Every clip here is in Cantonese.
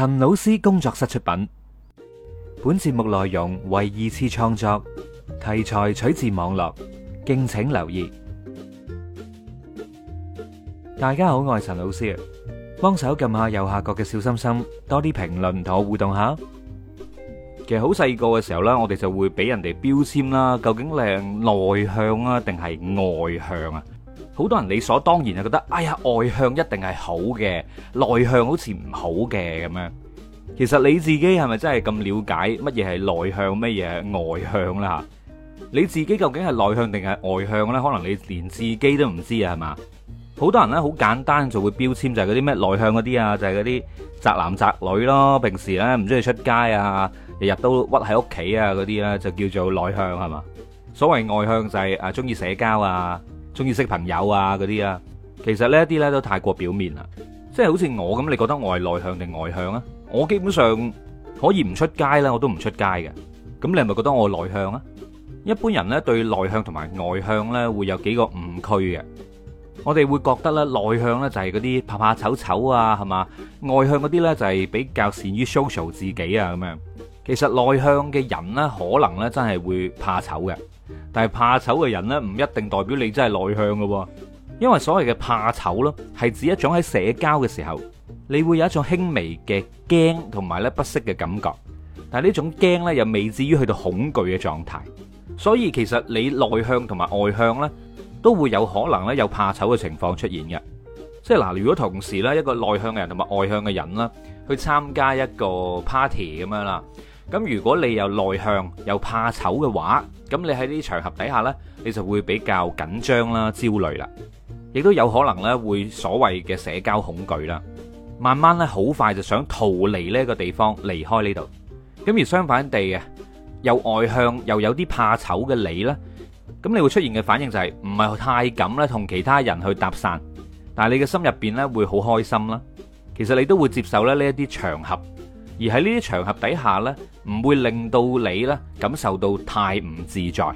陳老師工作室出品，本節目內容為二次創作，題材取自網絡，敬請留意。大家好，我係陳老師，幫手撳下右下角嘅小心心，多啲評論同我互動下。其實好細個嘅時候咧，我哋就會俾人哋標籤啦，究竟靚內向啊，定係外向啊？好多人理所當然就覺得，哎呀，外向一定係好嘅，內向好似唔好嘅咁樣。其實你自己係咪真係咁瞭解乜嘢係內向，乜嘢係外向啦？嚇，你自己究竟係內向定係外向呢？可能你連自己都唔知啊，係嘛？好多人呢，好簡單就會標籤，就係嗰啲咩內向嗰啲啊，就係嗰啲宅男宅女咯。平時呢唔中意出街啊，日日都屈喺屋企啊嗰啲呢，就叫做內向係嘛？所謂外向就係啊，中意社交啊。鍾意識朋友啊嗰啲啊，其實呢一啲呢都太過表面啦，即係好似我咁，你覺得我係內向定外向啊？我基本上可以唔出街呢，我都唔出街嘅。咁你係咪覺得我內向啊？一般人呢對內向同埋外向呢會有幾個誤區嘅，我哋會覺得呢，內向呢就係嗰啲怕怕醜醜啊，係嘛？外向嗰啲呢就係比較擅於 social 自己啊咁樣。其實內向嘅人呢，可能呢真係會怕醜嘅。但係怕醜嘅人呢，唔一定代表你真係內向㗎，因為所謂嘅怕醜啦，係指一種喺社交嘅時候，你會有一種輕微嘅驚同埋咧不適嘅感覺。但係呢種驚呢，又未至於去到恐懼嘅狀態。所以其實你內向同埋外向呢，都會有可能呢有怕醜嘅情況出現嘅。即係嗱，如果同時呢，一個內向嘅人同埋外向嘅人啦，去參加一個 party 咁樣啦。咁如果你又內向又怕醜嘅話，咁你喺呢啲場合底下呢，你就會比較緊張啦、焦慮啦，亦都有可能呢會所謂嘅社交恐懼啦。慢慢呢好快就想逃離呢個地方，離開呢度。咁而相反地嘅，又外向又有啲怕醜嘅你呢，咁你會出現嘅反應就係唔係太敢咧同其他人去搭訕，但係你嘅心入邊呢會好開心啦。其實你都會接受咧呢一啲場合。而喺呢啲場合底下呢，唔會令到你咧感受到太唔自在。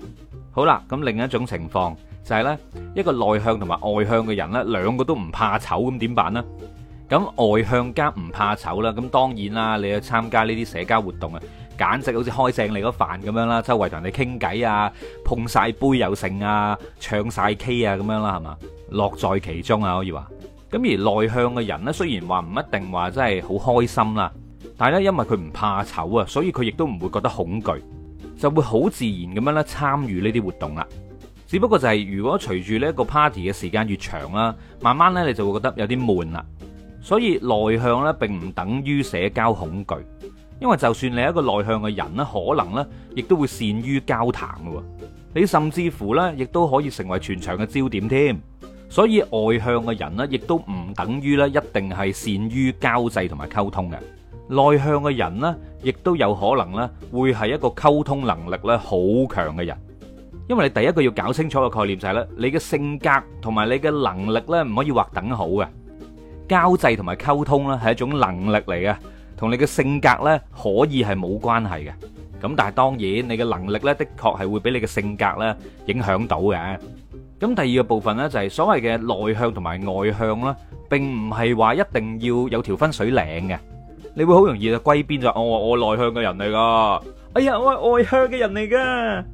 好啦，咁另一種情況就係咧，呢一個內向同埋外向嘅人呢，兩個都唔怕醜，咁點辦咧？咁外向加唔怕醜啦，咁當然啦，你去參加呢啲社交活動啊，簡直好似開正你個飯咁樣啦。周圍同你哋傾偈啊，碰晒杯又成啊，唱晒 K 啊，咁樣啦，係嘛？樂在其中啊，可以話。咁而內向嘅人呢，雖然話唔一定話真係好開心啦。但係咧，因為佢唔怕醜啊，所以佢亦都唔會覺得恐懼，就會好自然咁樣咧參與呢啲活動啦。只不過就係如果隨住呢個 party 嘅時間越長啦，慢慢呢你就會覺得有啲悶啦。所以內向呢並唔等於社交恐懼，因為就算你係一個內向嘅人呢，可能呢亦都會善於交談嘅。你甚至乎呢亦都可以成為全場嘅焦點添。所以外向嘅人呢，亦都唔等於呢一定係善於交際同埋溝通嘅。內向嘅人呢，亦都有可能呢，會係一個溝通能力呢好強嘅人。因為你第一個要搞清楚嘅概念就係呢，你嘅性格同埋你嘅能力呢唔可以劃等號嘅。交際同埋溝通呢係一種能力嚟嘅，同你嘅性格呢可以係冇關係嘅。咁但係當然你嘅能力呢，的確係會俾你嘅性格呢影響到嘅。咁第二個部分呢就係所謂嘅內向同埋外向呢，並唔係話一定要有條分水嶺嘅。你會好容易就歸邊，就我我係內向嘅人嚟噶。哎呀，我係外向嘅人嚟噶。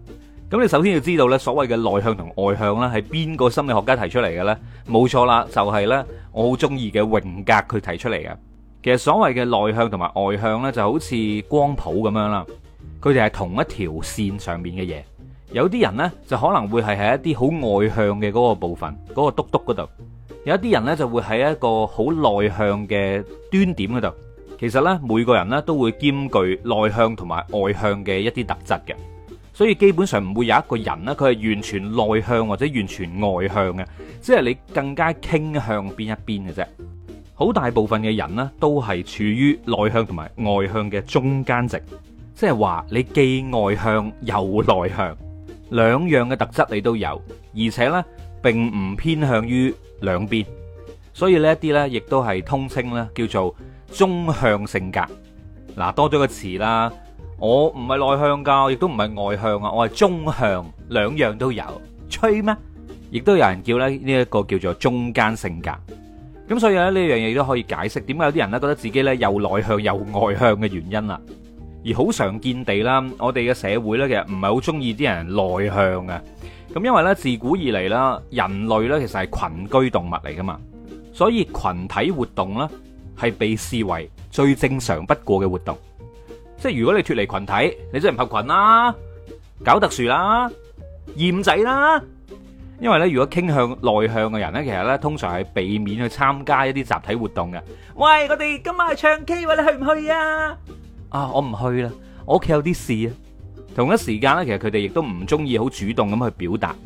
咁你首先要知道呢，所謂嘅內向同外向呢，係邊個心理學家提出嚟嘅呢？冇錯啦，就係呢。我好中意嘅榮格佢提出嚟嘅。其實所謂嘅內向同埋外向呢，就好似光譜咁樣啦。佢哋係同一條線上面嘅嘢。有啲人呢，就可能會係喺一啲好外向嘅嗰個部分嗰個篤篤嗰度，有一啲人呢，就會喺一個好內向嘅端點嗰度。其實咧，每個人咧都會兼具內向同埋外向嘅一啲特質嘅，所以基本上唔會有一個人咧，佢係完全內向或者完全外向嘅，即係你更加傾向邊一邊嘅啫。好大部分嘅人呢，都係處於內向同埋外向嘅中間值，即係話你既外向又內向，兩樣嘅特質你都有，而且呢並唔偏向於兩邊，所以呢一啲呢，亦都係通稱咧叫做。中向性格嗱，多咗個詞啦，我唔係內向噶，亦都唔係外向啊，我係中向，兩樣都有，吹咩？亦都有人叫咧，呢一個叫做中間性格。咁所以咧，呢樣嘢都可以解釋點解有啲人呢覺得自己呢又內向又外向嘅原因啦，而好常見地啦，我哋嘅社會呢其實唔係好中意啲人內向嘅，咁因為呢自古以嚟啦人類呢其實係群居動物嚟噶嘛，所以群體活動呢。係被視為最正常不過嘅活動，即係如果你脫離群體，你即係唔合群啦，搞特殊啦，厭仔啦。因為咧，如果傾向內向嘅人咧，其實咧通常係避免去參加一啲集體活動嘅。喂，我哋今晚去唱 K 喂，你去唔去啊？啊，我唔去啦，我屋企有啲事啊。同一時間咧，其實佢哋亦都唔中意好主動咁去表達，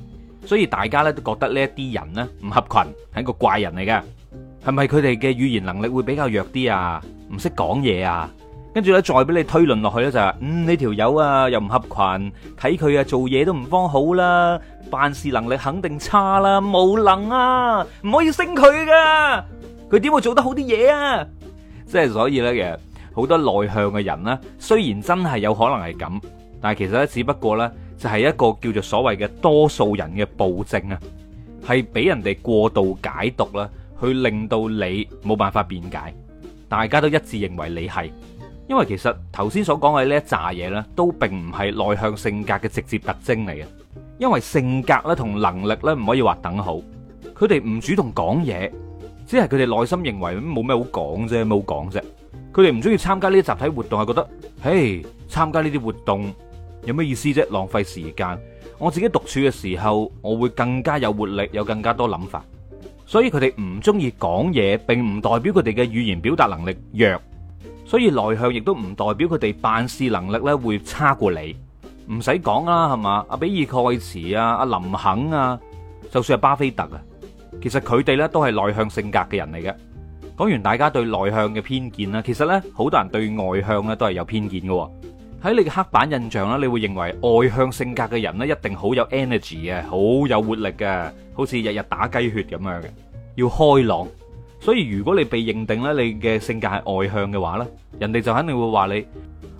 所以大家咧都覺得這些呢一啲人咧唔合群，係一個怪人嚟㗎。係咪佢哋嘅語言能力會比較弱啲啊？唔識講嘢啊？跟住咧再俾你推論落去咧就係，嗯呢條友啊又唔合群，睇佢啊做嘢都唔方好啦，辦事能力肯定差啦，無能啊，唔可以升佢噶，佢點會做得好啲嘢啊？即係所以咧，其實好多內向嘅人咧，雖然真係有可能係咁，但係其實咧只不過咧就係一個叫做所謂嘅多數人嘅暴政啊，係俾人哋過度解讀啦。佢令到你冇辦法辯解，大家都一致認為你係，因為其實頭先所講嘅呢一拃嘢呢，都並唔係內向性格嘅直接特徵嚟嘅，因為性格咧同能力呢，唔可以話等好，佢哋唔主動講嘢，只係佢哋內心認為咁冇咩好講啫，冇講啫，佢哋唔中意參加呢啲集體活動係覺得，嘿，參加呢啲活動有咩意思啫，浪費時間，我自己獨處嘅時候我會更加有活力，有更加多諗法。所以佢哋唔中意講嘢，並唔代表佢哋嘅語言表達能力弱，所以內向亦都唔代表佢哋辦事能力咧會差過你。唔使講啦，係嘛？阿比爾蓋茨啊，阿林肯啊，就算係巴菲特啊，其實佢哋咧都係內向性格嘅人嚟嘅。講完大家對內向嘅偏見啦，其實咧好多人對外向咧都係有偏見嘅。喺你嘅黑板印象啦，你會認為外向性格嘅人咧一定好有 energy 啊，好有活力嘅，好似日日打雞血咁樣嘅，要開朗。所以如果你被認定咧，你嘅性格係外向嘅話咧，人哋就肯定會話你，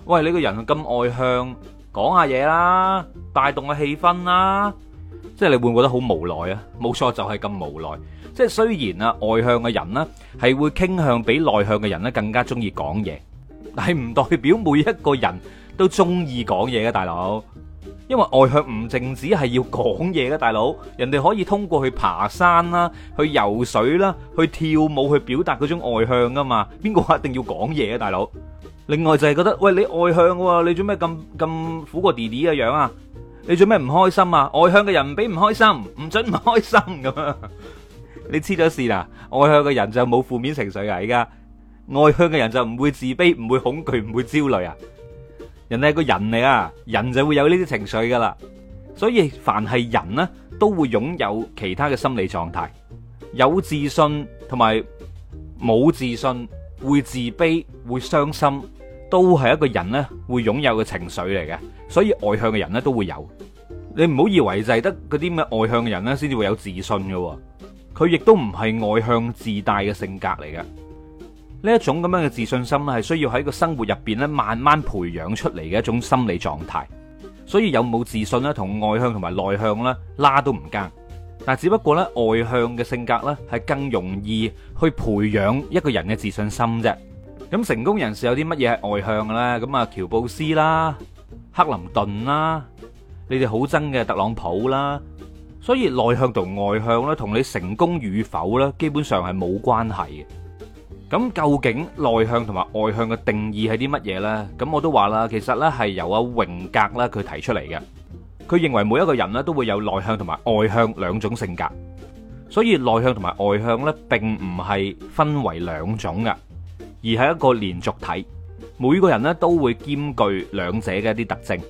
喂，你個人咁外向，講下嘢啦，帶動個氣氛啦，即係你會唔會覺得好無奈啊！冇錯，就係咁無奈。即係雖然啊，外向嘅人咧係會傾向比內向嘅人咧更加中意講嘢，但係唔代表每一個人。都中意講嘢嘅大佬，因為外向唔淨止係要講嘢嘅大佬，人哋可以通過去爬山啦、去游水啦、去跳舞去表達嗰種外向噶嘛。邊個一定要講嘢嘅大佬？另外就係覺得，喂，你外向喎，你做咩咁咁苦過弟弟嘅樣啊？你做咩唔開心啊？外向嘅人俾唔開心，唔准唔開心咁 你黐咗線啦！外向嘅人就冇負面情緒啊！而家外向嘅人就唔會自卑，唔會恐懼，唔會焦慮啊！人哋係個人嚟啊，人就會有呢啲情緒噶啦，所以凡係人呢，都會擁有其他嘅心理狀態，有自信同埋冇自信，會自卑，會傷心，都係一個人呢會擁有嘅情緒嚟嘅。所以外向嘅人呢都會有，你唔好以為就係得嗰啲咩外向嘅人呢先至會有自信噶，佢亦都唔係外向自大嘅性格嚟嘅。呢一種咁樣嘅自信心係需要喺個生活入邊咧慢慢培養出嚟嘅一種心理狀態。所以有冇自信咧，同外向同埋內向咧，拉都唔夾。但只不過咧，外向嘅性格咧，係更容易去培養一個人嘅自信心啫。咁成功人士有啲乜嘢係外向嘅咧？咁啊，喬布斯啦，克林頓啦，你哋好憎嘅特朗普啦。所以內向同外向咧，同你成功與否咧，基本上係冇關係嘅。咁究竟內向同埋外向嘅定義係啲乜嘢呢？咁我都話啦，其實呢係由阿榮格呢佢提出嚟嘅。佢認為每一個人呢都會有內向同埋外向兩種性格，所以內向同埋外向呢並唔係分為兩種㗎，而係一個連續體。每個人呢都會兼具兩者嘅一啲特徵。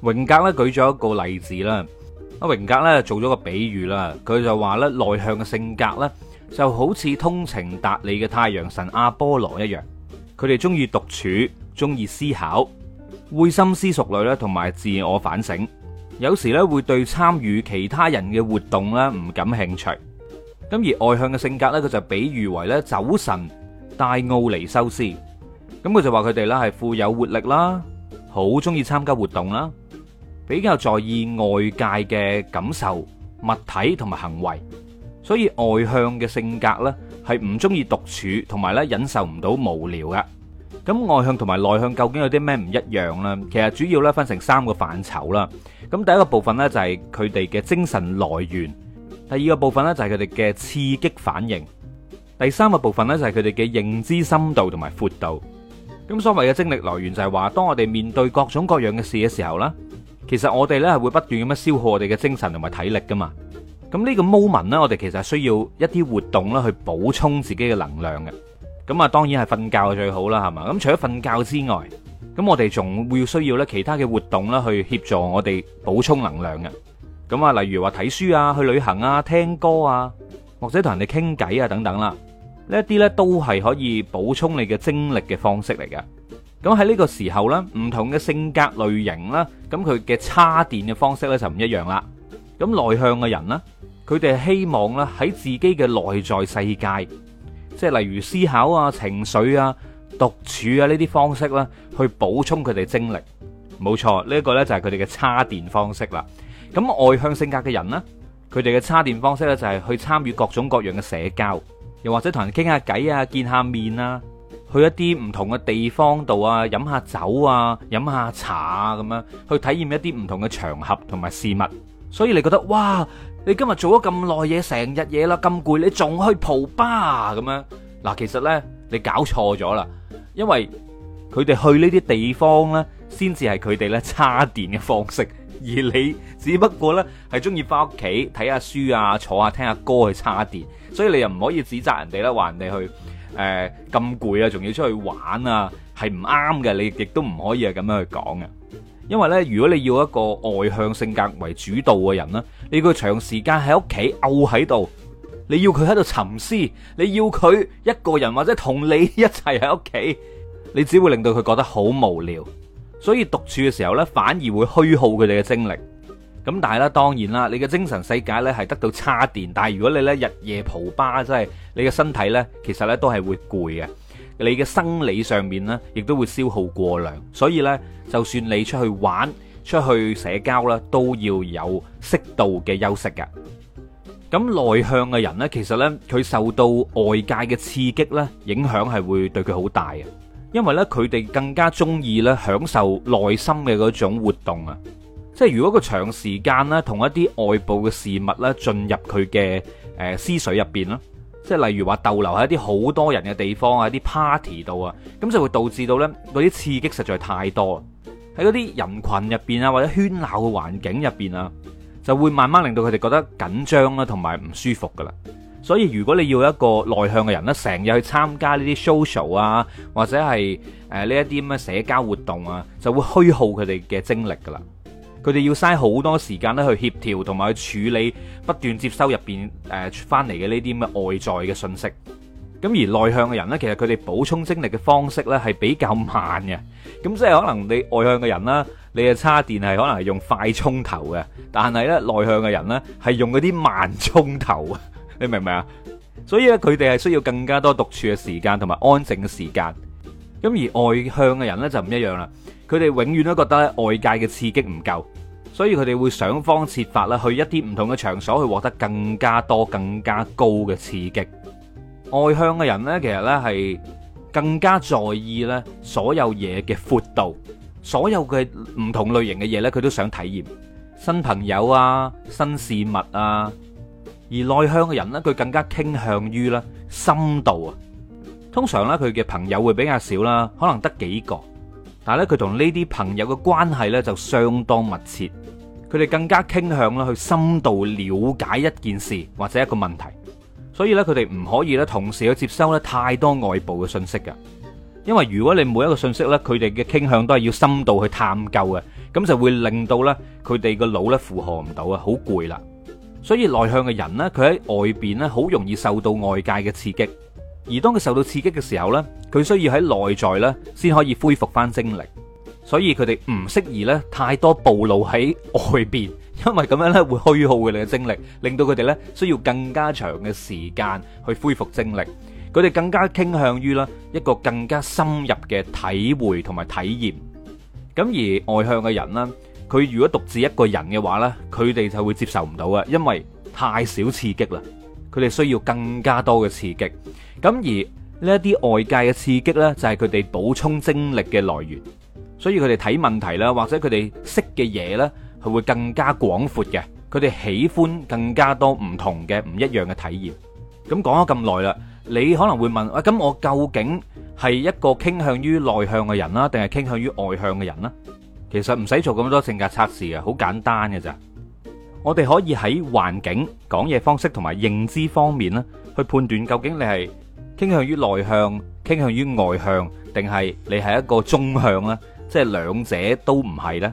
榮格呢舉咗一個例子啦，阿榮格呢做咗個比喻啦，佢就話呢內向嘅性格呢。就好似通情達理嘅太陽神阿波羅一樣，佢哋中意獨處，中意思考，會深思熟慮咧，同埋自我反省。有時咧會對參與其他人嘅活動咧唔感興趣。咁而外向嘅性格咧，佢就比喻為咧酒神戴奧尼修斯。咁佢就話佢哋啦係富有活力啦，好中意參加活動啦，比較在意外界嘅感受、物體同埋行為。所以外向嘅性格呢，係唔中意獨處，同埋呢忍受唔到無聊噶。咁外向同埋內向究竟有啲咩唔一樣呢？其實主要呢，分成三個範疇啦。咁第一個部分呢，就係佢哋嘅精神來源，第二個部分呢，就係佢哋嘅刺激反應，第三個部分呢，就係佢哋嘅認知深度同埋闊度。咁所謂嘅精力來源就係話，當我哋面對各種各樣嘅事嘅時候呢，其實我哋呢，係會不斷咁樣消耗我哋嘅精神同埋體力噶嘛。咁呢個 moment 咧，我哋其實需要一啲活動咧去補充自己嘅能量嘅。咁啊，當然係瞓覺係最好啦，係嘛？咁除咗瞓覺之外，咁我哋仲會需要咧其他嘅活動啦，去協助我哋補充能量嘅。咁啊，例如話睇書啊、去旅行啊、聽歌啊，或者同人哋傾偈啊等等啦，呢一啲咧都係可以補充你嘅精力嘅方式嚟嘅。咁喺呢個時候咧，唔同嘅性格類型啦，咁佢嘅叉電嘅方式咧就唔一樣啦。咁內向嘅人咧，佢哋希望咧喺自己嘅內在世界，即係例如思考啊、情緒啊、獨處啊呢啲方式咧，去補充佢哋精力。冇錯，呢一個咧就係佢哋嘅叉電方式啦。咁外向性格嘅人呢，佢哋嘅叉電方式呢就係去參與各種各樣嘅社交，又或者同人傾下偈啊、見下面啊，去一啲唔同嘅地方度啊、飲下酒啊、飲下茶啊咁樣，去體驗一啲唔同嘅場合同埋事物。所以你覺得哇？你今日做咗咁耐嘢，成日嘢啦，咁攰，你仲去蒲吧咁樣？嗱，其實呢，你搞錯咗啦，因為佢哋去呢啲地方呢，先至係佢哋咧插電嘅方式，而你只不過呢係中意返屋企睇下書啊，坐下聽下歌去插電，所以你又唔可以指責人哋啦，話人哋去誒咁攰啊，仲要出去玩啊，係唔啱嘅，你亦都唔可以係咁樣去講嘅，因為呢，如果你要一個外向性格為主導嘅人呢。你佢長時間喺屋企漚喺度，你要佢喺度沉思，你要佢一個人或者同你一齊喺屋企，你只會令到佢覺得好無聊，所以獨處嘅時候呢，反而會虛耗佢哋嘅精力。咁但係呢，當然啦，你嘅精神世界呢係得到差電，但係如果你呢日夜蒲吧，即係你嘅身體呢，其實呢都係會攰嘅，你嘅生理上面呢，亦都會消耗過量，所以呢，就算你出去玩，出去社交咧，都要有適度嘅休息嘅。咁內向嘅人呢，其實呢，佢受到外界嘅刺激呢，影響係會對佢好大啊。因為呢，佢哋更加中意呢享受內心嘅嗰種活動啊。即係如果佢長時間呢同一啲外部嘅事物呢進入佢嘅誒思緒入邊啦，即係例如話逗留喺一啲好多人嘅地方啊、啲 party 度啊，咁就會導致到呢，嗰啲刺激實在太多。喺嗰啲人群入邊啊，或者喧鬧嘅環境入邊啊，就會慢慢令到佢哋覺得緊張啦，同埋唔舒服噶啦。所以如果你要一個內向嘅人咧，成日去參加呢啲 social 啊，或者係誒呢一啲咁嘅社交活動啊，就會虛耗佢哋嘅精力噶啦。佢哋要嘥好多時間咧去協調同埋去處理不斷接收入邊誒翻嚟嘅呢啲咁嘅外在嘅信息。咁而內向嘅人呢，其實佢哋補充精力嘅方式呢，係比較慢嘅。咁即係可能你外向嘅人啦，你嘅插電係可能係用快充頭嘅，但係咧內向嘅人咧係用嗰啲慢充頭啊，你明唔明啊？所以咧佢哋係需要更加多獨處嘅時間同埋安靜嘅時間。咁而外向嘅人咧就唔一樣啦，佢哋永遠都覺得外界嘅刺激唔夠，所以佢哋會想方設法啦去一啲唔同嘅場所去獲得更加多、更加高嘅刺激。外向嘅人咧，其實咧係。更加在意咧所有嘢嘅闊度，所有嘅唔同類型嘅嘢咧，佢都想體驗新朋友啊、新事物啊。而內向嘅人咧，佢更加傾向於咧深度啊。通常咧，佢嘅朋友會比較少啦，可能得幾個，但係咧佢同呢啲朋友嘅關係咧就相當密切。佢哋更加傾向啦去深度了解一件事或者一個問題。所以咧，佢哋唔可以咧，同時去接收咧太多外部嘅信息㗎，因為如果你每一個信息咧，佢哋嘅傾向都係要深度去探究嘅，咁就會令到咧佢哋個腦咧負荷唔到啊，好攰啦。所以內向嘅人咧，佢喺外邊咧好容易受到外界嘅刺激，而當佢受到刺激嘅時候咧，佢需要喺內在咧先可以恢復返精力，所以佢哋唔適宜咧太多暴露喺外邊。因為咁樣咧，會虛耗佢哋嘅精力，令到佢哋咧需要更加長嘅時間去恢復精力。佢哋更加傾向於啦一個更加深入嘅體會同埋體驗。咁而外向嘅人啦，佢如果獨自一個人嘅話咧，佢哋就會接受唔到啊，因為太少刺激啦。佢哋需要更加多嘅刺激。咁而呢一啲外界嘅刺激呢就係佢哋補充精力嘅來源。所以佢哋睇問題啦，或者佢哋識嘅嘢咧。佢會更加廣闊嘅，佢哋喜歡更加多唔同嘅唔一樣嘅體驗。咁講咗咁耐啦，你可能會問：喂，咁我究竟係一個傾向於內向嘅人啦，定係傾向於外向嘅人呢？其實唔使做咁多性格測試啊，好簡單嘅咋。我哋可以喺環境、講嘢方式同埋認知方面呢，去判斷究竟你係傾向於內向、傾向於外向，定係你係一個中向呢，即係兩者都唔係呢。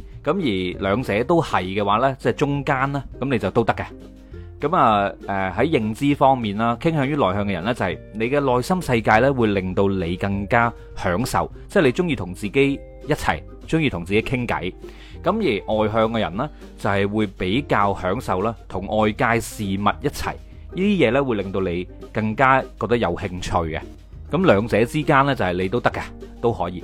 咁而兩者都係嘅話呢，即係中間呢，咁你就都得嘅。咁啊，誒喺認知方面啦，傾向於內向嘅人呢，就係你嘅內心世界呢，會令到你更加享受，即係你中意同自己一齊，中意同自己傾偈。咁而外向嘅人呢，就係會比較享受啦，同外界事物一齊，呢啲嘢呢會令到你更加覺得有興趣嘅。咁兩者之間呢，就係你都得嘅，都可以。